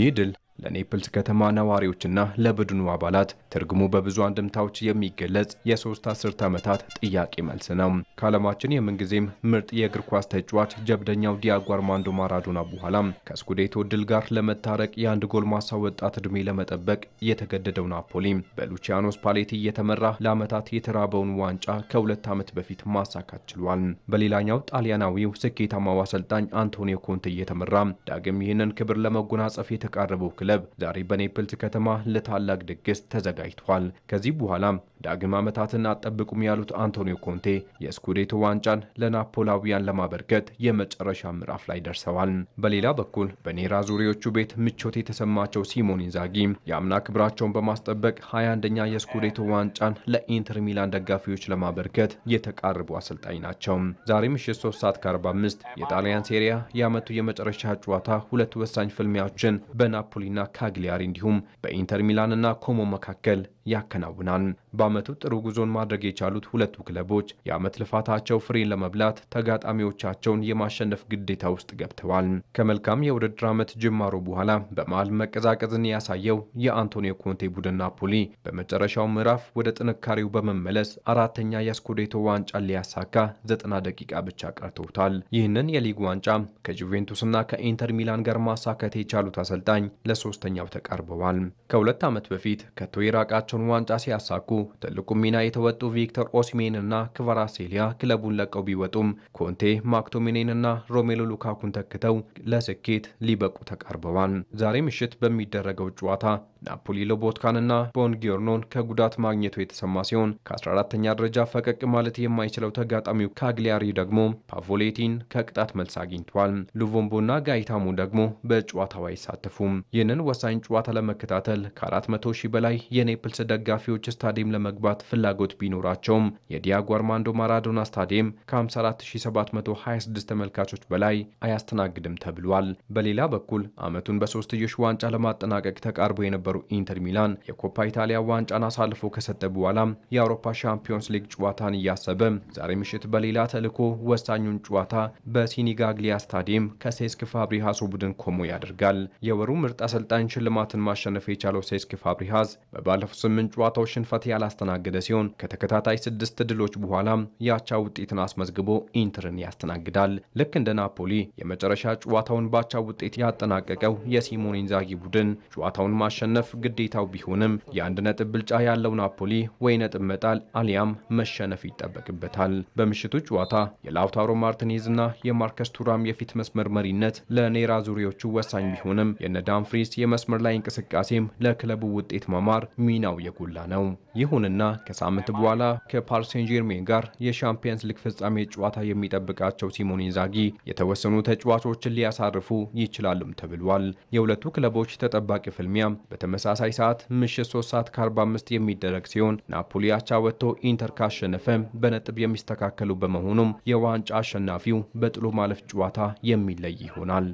ይህ ድል ለኔፕልስ ከተማ ነዋሪዎችና ለቡድኑ አባላት ትርጉሙ በብዙ አንድምታዎች የሚገለጽ የሶስት አስርት ዓመታት ጥያቄ መልስ ነው። ከዓለማችን የምንጊዜም ምርጥ የእግር ኳስ ተጫዋች ጀብደኛው ዲያጎ አርማንዶ ማራዶና በኋላ ከስኩዴቶ ድል ጋር ለመታረቅ የአንድ ጎልማሳ ወጣት ዕድሜ ለመጠበቅ የተገደደው ናፖሊ በሉቺያኖ ስፓሌቲ እየተመራ ለዓመታት የተራበውን ዋንጫ ከሁለት ዓመት በፊት ማሳካት ችሏል። በሌላኛው ጣሊያናዊው ስኬታማው አሰልጣኝ አንቶኒዮ ኮንቴ እየተመራ ዳግም ይህንን ክብር ለመጎናጸፍ የተቃረበው ክለብ ክለብ ዛሬ በኔፕልስ ከተማ ለታላቅ ድግስ ተዘጋጅቷል። ከዚህ በኋላም ዳግም ዓመታትን አጠብቁም ያሉት አንቶኒዮ ኮንቴ የስኩዴቶ ዋንጫን ለናፖላዊያን ለማበርከት የመጨረሻ ምዕራፍ ላይ ደርሰዋል። በሌላ በኩል በኔራ ዙሪዎቹ ቤት ምቾት የተሰማቸው ሲሞን ኢንዛጊ የአምና ክብራቸውን በማስጠበቅ 21ኛ የስኩዴቶ ዋንጫን ለኢንተር ሚላን ደጋፊዎች ለማበርከት የተቃረቡ አሰልጣኝ ናቸው። ዛሬ ምሽት 3 ሰዓት ከ45 የጣሊያን ሴሪያ የዓመቱ የመጨረሻ ጨዋታ ሁለት ወሳኝ ፍልሚያዎችን በናፖሊና ካግሊያሪ እንዲሁም በኢንተር ሚላንና ኮሞ መካከል ያከናውናል። በአመቱ ጥሩ ጉዞን ማድረግ የቻሉት ሁለቱ ክለቦች የዓመት ልፋታቸው ፍሬን ለመብላት ተጋጣሚዎቻቸውን የማሸነፍ ግዴታ ውስጥ ገብተዋል። ከመልካም የውድድር ዓመት ጅማሮ በኋላ በመሃል መቀዛቀዝን ያሳየው የአንቶኒዮ ኮንቴ ቡድን ናፖሊ በመጨረሻው ምዕራፍ ወደ ጥንካሬው በመመለስ አራተኛ የስኩዴቶ ዋንጫን ሊያሳካ ዘጠና ደቂቃ ብቻ ቀርተውታል። ይህንን የሊግ ዋንጫ ከጁቬንቱስና ከኢንተር ሚላን ጋር ማሳካት የቻሉት አሰልጣኝ ለሶስተኛው ተቃርበዋል። ከሁለት ዓመት በፊት ከቶ የራቃቸው የአህጉሪቱን ዋንጫ ሲያሳኩ ትልቁ ሚና የተወጡ ቪክተር ኦሲሜንና ክቫራሴሊያ ክለቡን ለቀው ቢወጡም ኮንቴ ማክቶሜኔንና ሮሜሎ ሉካኩን ተክተው ለስኬት ሊበቁ ተቃርበዋል። ዛሬ ምሽት በሚደረገው ጨዋታ ናፖሊ ሎቦትካንና ቦን ከጉዳት ማግኘቱ የተሰማ ሲሆን ከ14ተኛ ደረጃ ፈቀቅ ማለት የማይችለው ተጋጣሚው ካግሊያሪ ደግሞ ፓቮሌቲን ከቅጣት መልስ አግኝቷል። ሉቮምቦና ጋይታሙ ደግሞ በጨዋታው አይሳተፉም። ይህንን ወሳኝ ጨዋታ ለመከታተል ከ400 ሺህ በላይ የኔፕልስ ደጋፊዎች ስታዲየም ለመግባት ፍላጎት ቢኖራቸውም የዲያጎ አርማንዶ ማራዶና ስታዲየም ከ54726 ተመልካቾች በላይ አያስተናግድም ተብሏል። በሌላ በኩል ዓመቱን በሶስትዮሽ ዋንጫ ለማጠናቀቅ ተቃርቦ የነበ የነበሩ ኢንተር ሚላን የኮፓ ኢታሊያ ዋንጫን አሳልፎ ከሰጠ በኋላ የአውሮፓ ሻምፒዮንስ ሊግ ጨዋታን እያሰበ ዛሬ ምሽት በሌላ ተልዕኮ ወሳኙን ጨዋታ በሲኒጋግሊያ ስታዲየም ከሴስክ ፋብሪሃስ ቡድን ኮሞ ያደርጋል። የወሩ ምርጥ አሰልጣኝ ሽልማትን ማሸነፍ የቻለው ሴስክ ፋብሪሃስ በባለፉት ስምንት ጨዋታዎች ሽንፈት ያላስተናገደ ሲሆን ከተከታታይ ስድስት ድሎች በኋላ የአቻ ውጤትን አስመዝግቦ ኢንተርን ያስተናግዳል። ልክ እንደ ናፖሊ የመጨረሻ ጨዋታውን ባቻ ውጤት ያጠናቀቀው የሲሞኔ ኢንዛጊ ቡድን ጨዋታውን ማሸነፍ ማሸነፍ ግዴታው ቢሆንም የአንድ ነጥብ ብልጫ ያለው ናፖሊ ወይ ነጥብ መጣል አሊያም መሸነፍ ይጠበቅበታል። በምሽቱ ጨዋታ የላውታሮ ማርቲኔዝና የማርከስ ቱራም የፊት መስመር መሪነት ለኔራ ዙሪዎቹ ወሳኝ ቢሆንም የነ ዳምፍሪስ የመስመር ላይ እንቅስቃሴም ለክለቡ ውጤት መማር ሚናው የጎላ ነው። ይሁንና ከሳምንት በኋላ ከፓሪስ ጀርሜን ጋር የሻምፒየንስ ሊግ ፍጻሜ ጨዋታ የሚጠብቃቸው ሲሞን ኢንዛጊ የተወሰኑ ተጫዋቾችን ሊያሳርፉ ይችላሉም ተብሏል። የሁለቱ ክለቦች ተጠባቂ ፍልሚያ በተመሳሳይ ሰዓት ምሽት 3 ሰዓት ከ45 የሚደረግ ሲሆን ናፖሊ አቻ ወጥቶ ኢንተር ካሸነፈ በነጥብ የሚስተካከሉ በመሆኑም የዋንጫ አሸናፊው በጥሎ ማለፍ ጨዋታ የሚለይ ይሆናል።